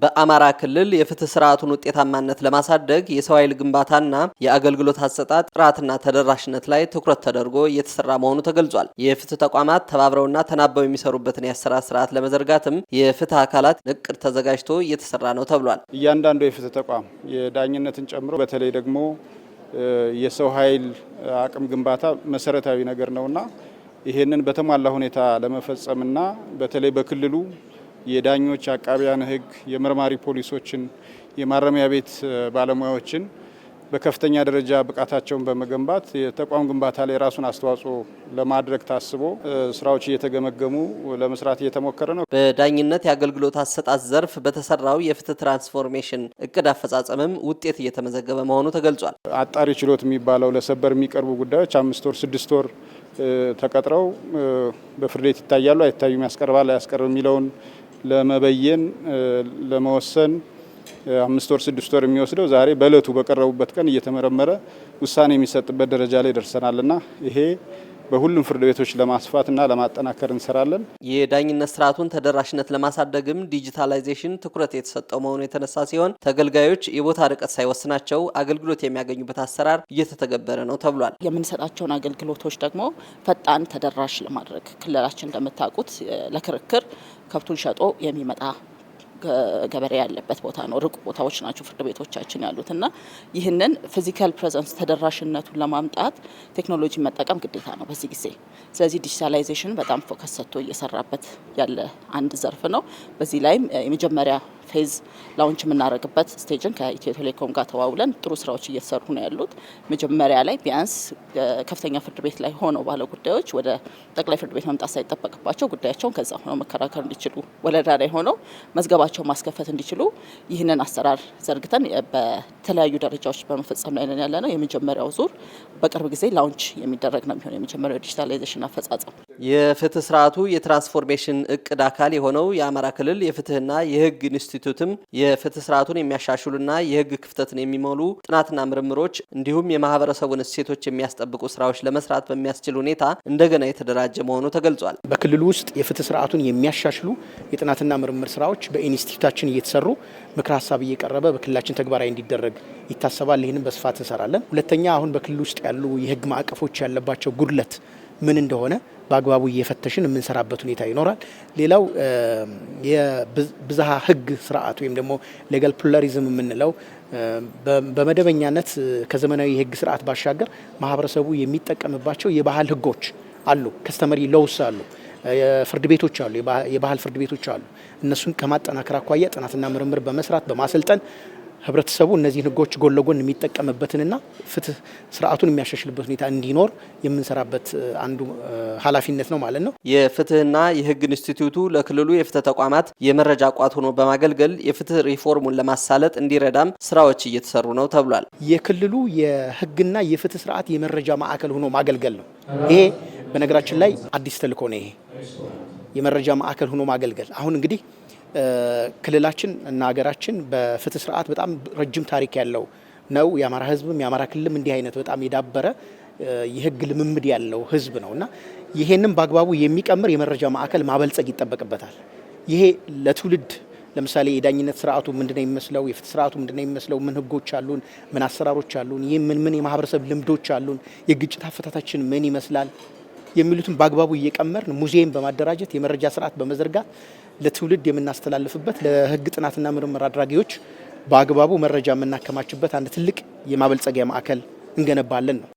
በአማራ ክልል የፍትህ ስርዓቱን ውጤታማነት ለማሳደግ የሰው ኃይል ግንባታና የአገልግሎት አሰጣጥ ጥራትና ተደራሽነት ላይ ትኩረት ተደርጎ እየተሰራ መሆኑ ተገልጿል። የፍትህ ተቋማት ተባብረውና ተናበው የሚሰሩበትን የአሰራር ስርዓት ለመዘርጋትም የፍትህ አካላት እቅድ ተዘጋጅቶ እየተሰራ ነው ተብሏል። እያንዳንዱ የፍትህ ተቋም የዳኝነትን ጨምሮ በተለይ ደግሞ የሰው ኃይል አቅም ግንባታ መሰረታዊ ነገር ነውና ይህንን በተሟላ ሁኔታ ለመፈጸምና በተለይ በክልሉ የዳኞች አቃቢያን ህግ የመርማሪ ፖሊሶችን የማረሚያ ቤት ባለሙያዎችን በከፍተኛ ደረጃ ብቃታቸውን በመገንባት የተቋም ግንባታ ላይ የራሱን አስተዋጽኦ ለማድረግ ታስቦ ስራዎች እየተገመገሙ ለመስራት እየተሞከረ ነው። በዳኝነት የአገልግሎት አሰጣጥ ዘርፍ በተሰራው የፍትህ ትራንስፎርሜሽን እቅድ አፈጻጸምም ውጤት እየተመዘገበ መሆኑ ተገልጿል። አጣሪ ችሎት የሚባለው ለሰበር የሚቀርቡ ጉዳዮች አምስት ወር ስድስት ወር ተቀጥረው በፍርድ ቤት ይታያሉ አይታዩም፣ ያስቀርባል አያስቀርብ የሚለውን ለመበየን ለመወሰን አምስት ወር ስድስት ወር የሚወስደው ዛሬ በእለቱ በቀረቡበት ቀን እየተመረመረ ውሳኔ የሚሰጥበት ደረጃ ላይ ደርሰናልና ይሄ በሁሉም ፍርድ ቤቶች ለማስፋትና ለማጠናከር እንሰራለን። የዳኝነት ስርዓቱን ተደራሽነት ለማሳደግም ዲጂታላይዜሽን ትኩረት የተሰጠው መሆኑ የተነሳ ሲሆን ተገልጋዮች የቦታ ርቀት ሳይወስናቸው አገልግሎት የሚያገኙበት አሰራር እየተተገበረ ነው ተብሏል። የምንሰጣቸውን አገልግሎቶች ደግሞ ፈጣን ተደራሽ ለማድረግ ክልላችን እንደምታውቁት ለክርክር ከብቱን ሸጦ የሚመጣ ገበሬ ያለበት ቦታ ነው። ርቁ ቦታዎች ናቸው ፍርድ ቤቶቻችን ያሉት እና ይህንን ፊዚካል ፕሬዘንስ ተደራሽነቱን ለማምጣት ቴክኖሎጂ መጠቀም ግዴታ ነው በዚህ ጊዜ። ስለዚህ ዲጂታላይዜሽን በጣም ፎከስ ሰጥቶ እየሰራበት ያለ አንድ ዘርፍ ነው። በዚህ ላይም የመጀመሪያ ፌዝ ላውንች የምናደርግበት ስቴጅን ከኢትዮ ቴሌኮም ጋር ተዋውለን ጥሩ ስራዎች እየተሰሩ ነው ያሉት። መጀመሪያ ላይ ቢያንስ ከፍተኛ ፍርድ ቤት ላይ ሆነው ባለ ጉዳዮች ወደ ጠቅላይ ፍርድ ቤት መምጣት ሳይጠበቅባቸው ጉዳያቸውን ከዛ ሆነው መከራከር እንዲችሉ፣ ወለዳ ላይ ሆነው መዝገባቸውን ማስከፈት እንዲችሉ ይህንን አሰራር ዘርግተን የተለያዩ ደረጃዎች በመፈጸም ላይ ነን ነው። የመጀመሪያው ዙር በቅርብ ጊዜ ላውንች የሚደረግ ነው የሚሆነው። የመጀመሪያው ዲጂታላይዜሽን አፈጻጸም የፍትህ ስርዓቱ የትራንስፎርሜሽን እቅድ አካል የሆነው የአማራ ክልል የፍትህና የህግ ኢንስቲትዩትም የፍትህ ስርዓቱን የሚያሻሽሉና የህግ ክፍተትን የሚሞሉ ጥናትና ምርምሮች እንዲሁም የማህበረሰቡን እሴቶች የሚያስጠብቁ ስራዎች ለመስራት በሚያስችል ሁኔታ እንደገና የተደራጀ መሆኑ ተገልጿል። በክልሉ ውስጥ የፍትህ ስርዓቱን የሚያሻሽሉ የጥናትና ምርምር ስራዎች በኢንስቲትዩታችን እየተሰሩ ምክር ሀሳብ እየቀረበ በክልላችን ተግባራዊ እንዲደረግ ይታሰባል። ይህንም በስፋት እንሰራለን። ሁለተኛ አሁን በክልል ውስጥ ያሉ የህግ ማዕቀፎች ያለባቸው ጉድለት ምን እንደሆነ በአግባቡ እየፈተሽን የምንሰራበት ሁኔታ ይኖራል። ሌላው የብዝሃ ህግ ስርዓት ወይም ደግሞ ሌጋል ፕሉራሊዝም የምንለው በመደበኛነት ከዘመናዊ የህግ ስርዓት ባሻገር ማህበረሰቡ የሚጠቀምባቸው የባህል ህጎች አሉ፣ ከስተመሪ ለውስ አሉ፣ ፍርድ ቤቶች አሉ፣ የባህል ፍርድ ቤቶች አሉ። እነሱን ከማጠናከር አኳያ ጥናትና ምርምር በመስራት በማሰልጠን ህብረተሰቡ እነዚህን ህጎች ጎን ለጎን የሚጠቀምበትንና ፍትህ ስርዓቱን የሚያሻሽልበት ሁኔታ እንዲኖር የምንሰራበት አንዱ ኃላፊነት ነው ማለት ነው። የፍትህና የህግ ኢንስቲትዩቱ ለክልሉ የፍትህ ተቋማት የመረጃ ቋት ሆኖ በማገልገል የፍትህ ሪፎርሙን ለማሳለጥ እንዲረዳም ስራዎች እየተሰሩ ነው ተብሏል። የክልሉ የህግና የፍትህ ስርዓት የመረጃ ማዕከል ሆኖ ማገልገል ነው። ይሄ በነገራችን ላይ አዲስ ተልእኮ ነው። ይሄ የመረጃ ማዕከል ሆኖ ማገልገል አሁን እንግዲህ ክልላችን እና ሀገራችን በፍትህ ስርዓት በጣም ረጅም ታሪክ ያለው ነው። የአማራ ህዝብም የአማራ ክልልም እንዲህ አይነት በጣም የዳበረ የህግ ልምምድ ያለው ህዝብ ነው እና ይሄንም በአግባቡ የሚቀምር የመረጃ ማዕከል ማበልጸግ ይጠበቅበታል። ይሄ ለትውልድ ለምሳሌ የዳኝነት ስርዓቱ ምንድነው የሚመስለው? የፍትህ ስርዓቱ ምንድነው የሚመስለው? ምን ህጎች አሉን? ምን አሰራሮች አሉን? ይህ ምን ምን የማህበረሰብ ልምዶች አሉን? የግጭት አፈታታችን ምን ይመስላል? የሚሉትን በአግባቡ እየቀመርን ሙዚየም በማደራጀት የመረጃ ስርዓት በመዘርጋት ለትውልድ የምናስተላልፍበት ለህግ ጥናትና ምርምር አድራጊዎች በአግባቡ መረጃ የምናከማችበት አንድ ትልቅ የማበልጸጊያ ማዕከል እንገነባለን ነው።